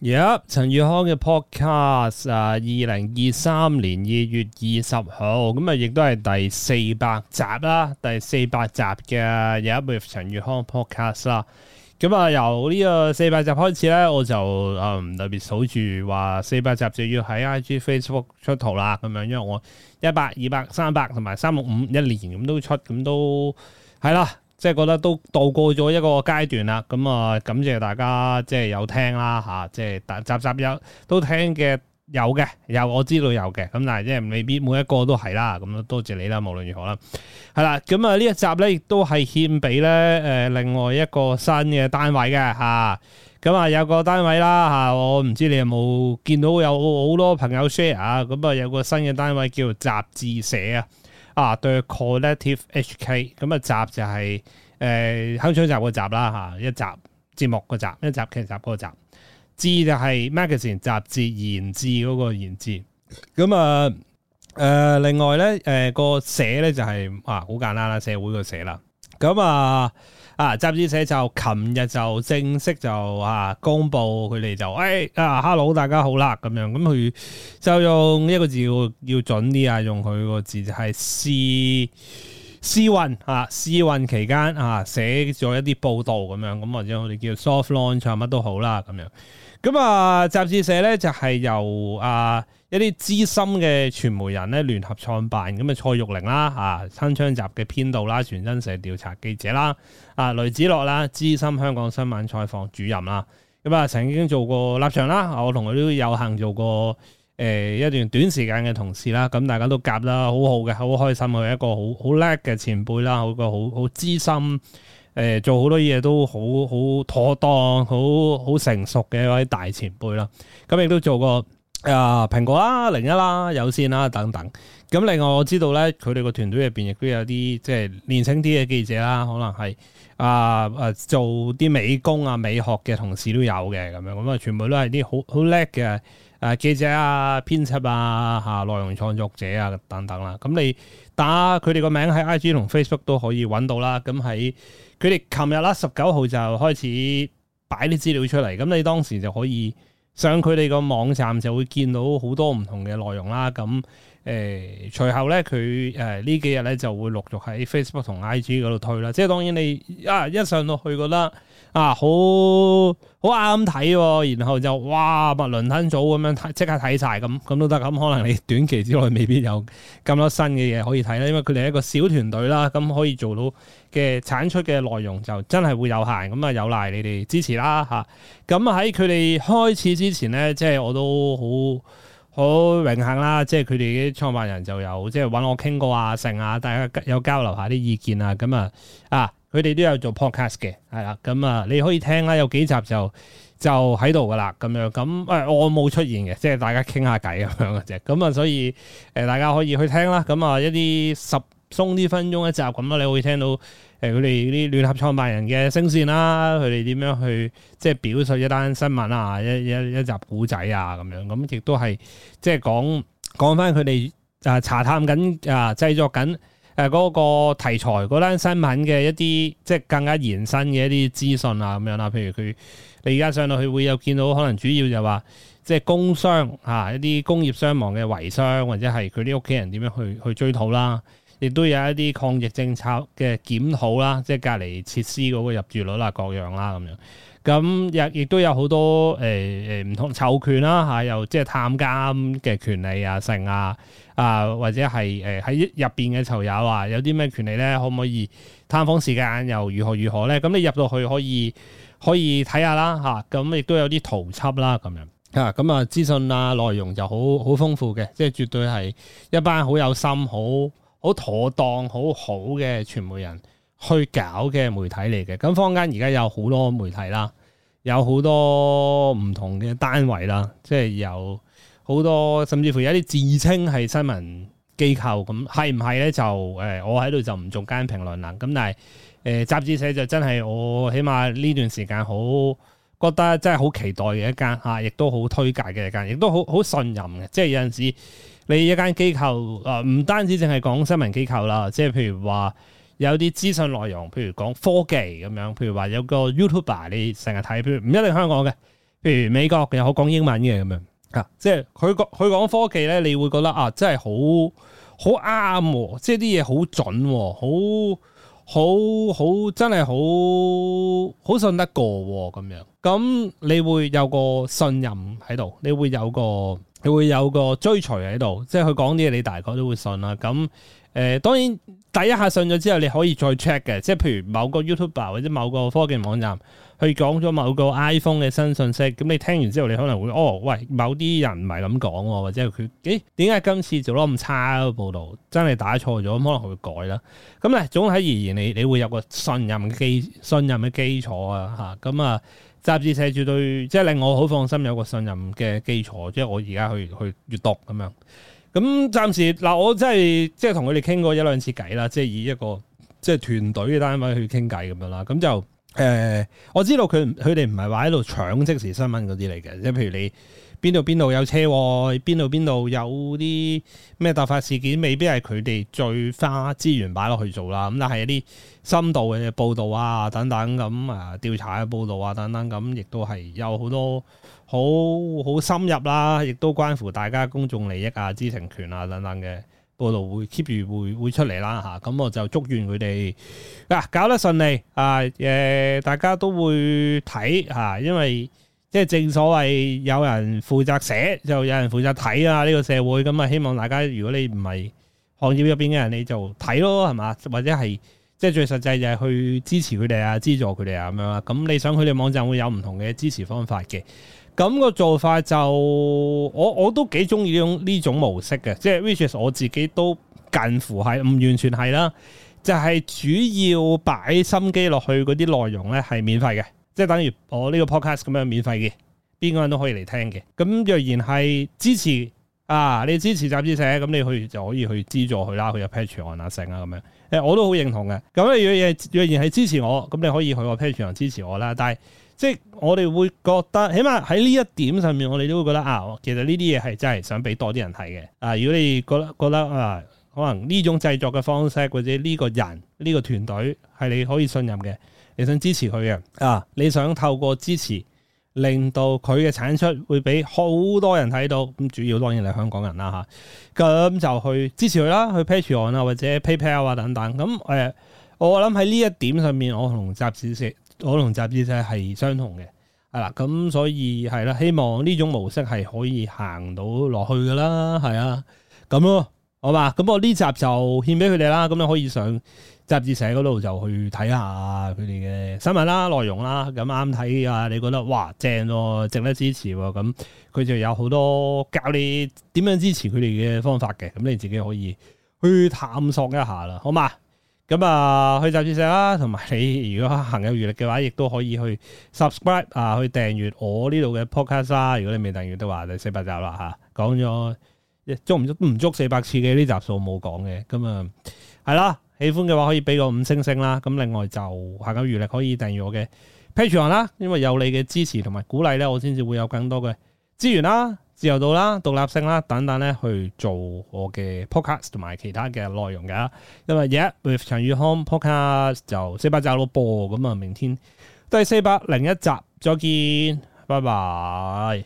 有陳宇康嘅 podcast 啊，二零二三年二月二十號，咁啊亦都係第四百集啦，第四百集嘅有一部陳宇康 podcast 啦。咁啊由呢個四百集開始咧，我就嗯、啊、特別數住話四百集就要喺 IG Facebook 出圖啦，咁樣因為我一百、二百、三百同埋三六五一年咁都出，咁都係啦。.即係覺得都渡過咗一個階段啦，咁啊感謝大家即係有聽啦吓，即係集集有都聽嘅有嘅，有，有我知道有嘅，咁但係即係未必每一個都係啦，咁多謝你啦，無論如何啦，係啦，咁啊呢一集咧亦都係獻俾咧誒另外一個新嘅單位嘅吓，咁啊，啊有個單位啦吓、啊，我唔知你有冇見到有好多朋友 share 啊，咁啊有個新嘅單位叫集誌社啊。啊，對、ah, collective HK 咁啊集就係誒香港集嗰集啦嚇，一集節目嗰集，一集劇集嗰集。字就係 magazine 雜誌言言，言字嗰個言字。咁啊誒，另外咧誒、呃那個社咧就係、是、啊，好簡單啦，社會個社啦。咁啊啊！集誌社就琴日就正式就啊公布佢哋就誒、哎、啊，hello 大家好啦，咁樣咁佢就用一個字要要準啲、就係、啊，用佢個字係試試運啊，試運期間啊寫咗一啲報道咁樣，咁或者我哋叫 soft launch 乜都好啦，咁樣咁啊，集誌社呢就係、係、由啊。一啲資深嘅傳媒人咧，聯合創辦咁啊，蔡玉玲啦，啊《新昌集》嘅編導啦，《全真社》調查記者啦，啊雷子樂啦，資深香港新聞採訪主任啦，咁啊曾經做過立場啦，我同佢都有幸做過誒、呃、一段短時間嘅同事啦，咁、啊、大家都夾啦，好好嘅，好開心佢一個好好叻嘅前輩啦，一個好好資深誒、啊、做好多嘢都好好妥當，好好成熟嘅一位大前輩啦，咁、啊、亦都做過。啊、呃，蘋果啦、零一啦、有線啦等等。咁另外我知道咧，佢哋個團隊入邊亦都有啲即係年輕啲嘅記者啦，可能係啊啊做啲美工啊、美學嘅同事都有嘅咁樣。咁啊，全部都係啲好好叻嘅啊記者啊、編輯啊、嚇、啊、內容創作者啊等等啦。咁、嗯、你打佢哋個名喺 IG 同 Facebook 都可以揾到啦。咁喺佢哋琴日啦十九號就開始擺啲資料出嚟。咁你當時就可以上佢哋個網站就會見到好多唔同嘅內容啦，咁。誒、呃，隨後咧，佢誒、呃、呢幾日咧就會陸續喺 Facebook 同 IG 嗰度推啦。即係當然你啊一上到去覺得啊好好啱睇，然後就哇麥輪吞組咁樣睇，即刻睇晒，咁咁都得。咁可能你短期之內未必有咁多新嘅嘢可以睇啦，因為佢哋係一個小團隊啦，咁可以做到嘅產出嘅內容就真係會有限。咁啊有賴你哋支持啦嚇。咁喺佢哋開始之前咧，即係我都好。好榮幸啦，即係佢哋啲創辦人就有即係揾我傾過啊，成啊，大家有交流下啲意見啊，咁啊啊，佢、啊、哋都有做 podcast 嘅，係啦，咁啊你可以聽啦，有幾集就就喺度噶啦，咁樣咁誒、嗯、我冇出現嘅，即係大家傾下偈咁樣嘅啫，咁啊所以誒、呃、大家可以去聽啦，咁啊一啲十鬆啲分鐘一集咁樣，你會聽到誒佢哋嗰啲聯合創辦人嘅聲線啦，佢哋點樣去即係表述一單新聞啊，一一一集古仔啊咁樣，咁亦都係即係講講翻佢哋啊查探緊啊製作緊誒嗰個題材嗰單新聞嘅一啲即係更加延伸嘅一啲資訊啊咁樣啦，譬如佢你而家上到去會有見到可能主要就話即係工傷，嚇、啊、一啲工業傷亡嘅遺孀，或者係佢啲屋企人點樣去去追討啦。亦都有一啲抗疫政策嘅檢討啦，即、就、係、是、隔離設施嗰個入住率、欸欸、啊，各樣啦咁樣。咁亦亦都有好多誒誒唔同籌權啦嚇，又即係探監嘅權利啊，成啊啊或者係誒喺入邊嘅囚友啊，欸、有啲咩權利咧？可唔可以探訪時間又如何如何咧？咁你入到去可以可以睇下啦嚇，咁亦都有啲圖輯啦咁樣啊，咁啊，啊，啊資訊啊內容就好好豐富嘅，即係絕對係一班好有心好。好妥當、好好嘅傳媒人去搞嘅媒體嚟嘅。咁坊間而家有好多媒體啦，有好多唔同嘅單位啦，即係有好多甚至乎有啲自稱係新聞機構。咁係唔係咧？就誒，我喺度就唔做間評論啦。咁但係誒、呃、集誌社就真係我起碼呢段時間好覺得真係好期待嘅一間嚇，亦都好推介嘅一間，亦都好好信任嘅。即係有陣時。你一間機構啊，唔、呃、單止淨係講新聞機構啦，即係譬如話有啲資訊內容，譬如講科技咁樣，譬如話有個 YouTuber，你成日睇，譬如唔一定香港嘅，譬如美國嘅，又好講英文嘅咁樣啊。即係佢講佢講科技咧，你會覺得啊，真係好好啱喎，即係啲嘢好準、哦，好好好真係好好信得過咁、哦、樣，咁你會有個信任喺度，你會有個。佢會有個追隨喺度，即係佢講啲嘢，你大概都會信啦。咁誒、呃，當然第一下信咗之後，你可以再 check 嘅。即係譬如某個 YouTuber 或者某個科技網站去講咗某個 iPhone 嘅新信息，咁你聽完之後，你可能會哦，喂，某啲人唔係咁講，或者佢，誒，點解今次做咗咁差嘅報道，真係打錯咗，咁可能佢會改啦。咁咧，總體而言，你你會有個信任嘅基信任嘅基礎啊，吓咁啊。啊集誌社絕對，即係令我好放心，有個信任嘅基礎，即係我而家去去閲讀咁樣。咁、嗯、暫時嗱、呃，我真係即係同佢哋傾過一兩次偈啦，即係以一個即係團隊嘅單位去傾偈咁樣啦。咁就誒、呃，我知道佢佢哋唔係話喺度搶即時新聞嗰啲嚟嘅，即係譬如你。邊度邊度有車？邊度邊度有啲咩突發事件？未必係佢哋最花資源擺落去做啦。咁但係一啲深度嘅報道啊，等等咁啊，調查嘅報道啊，等等咁，亦、啊、都係有好多好好深入啦、啊。亦都關乎大家公眾利益啊、知情權啊等等嘅報道會 keep 住會會出嚟啦、啊。嚇、啊，咁、啊、我就祝願佢哋啊搞得順利啊！誒、啊，大家都會睇嚇、啊，因為。即係正所謂，有人負責寫，就有人負責睇啊！呢、這個社會咁啊，希望大家如果你唔係行業入邊嘅人，你就睇咯，係嘛？或者係即係最實際就係去支持佢哋啊，資助佢哋啊咁樣。咁你想佢哋網站會有唔同嘅支持方法嘅。咁、那個做法就我我都幾中意呢種呢種模式嘅，即係 which is 我自己都近乎係唔完全係啦，就係、是、主要擺心機落去嗰啲內容咧係免費嘅。即係等於我呢個 podcast 咁樣免費嘅，邊個人都可以嚟聽嘅。咁若然係支持啊，你支持集誌社，咁你去就可以去資助佢啦，佢有 patreon 啊，成啊咁樣。誒，我都好認同嘅。咁你若然係支持我，咁你可以去個 patreon 支持我啦。但係即係我哋會覺得，起碼喺呢一點上面，我哋都會覺得啊，其實呢啲嘢係真係想俾多啲人睇嘅。啊，如果你覺得覺得啊，可能呢種製作嘅方式或者呢個人呢個團隊係你可以信任嘅。你想支持佢嘅啊？你想透過支持令到佢嘅產出會俾好多人睇到，咁主要當然係香港人啦嚇。咁、啊、就去支持佢啦，去 Patreon 啊，或者 PayPal 啊等等。咁、啊、誒，我諗喺呢一點上面，我同集誌社，我同集誌社係相同嘅，係、啊、啦。咁所以係啦，希望呢種模式係可以行到落去噶啦，係啊。咁咯，好嘛？咁我呢集就獻俾佢哋啦。咁、啊、你可以上，集誌社嗰度就去睇下佢哋嘅新聞啦、啊、內容啦、啊，咁啱睇啊，你覺得哇正咯，正、啊、值得支持喎、啊，咁、嗯、佢就有好多教你點樣支持佢哋嘅方法嘅，咁你自己可以去探索一下啦，好嘛？咁、嗯、啊去集誌社啦，同埋你如果行有餘力嘅話，亦都可以去 subscribe 啊，去訂閱我呢度嘅 podcast 啦、啊。如果你未訂閱嘅話，第四百集啦、啊、吓，講咗捉唔足唔足四百次嘅呢集數冇講嘅，咁啊係啦。嗯嗯嗯嗯嗯嗯嗯喜歡嘅話可以俾個五星星啦，咁另外就下個月曆可以訂閱我嘅 Patreon 啦，因為有你嘅支持同埋鼓勵咧，我先至會有更多嘅資源啦、自由度啦、獨立性啦等等咧去做我嘅 Podcast 同埋其他嘅內容嘅。因為而、yeah, 家 With 陳宇康 Podcast 就四百集都播咁啊，明天都係第四百零一集再見，拜拜。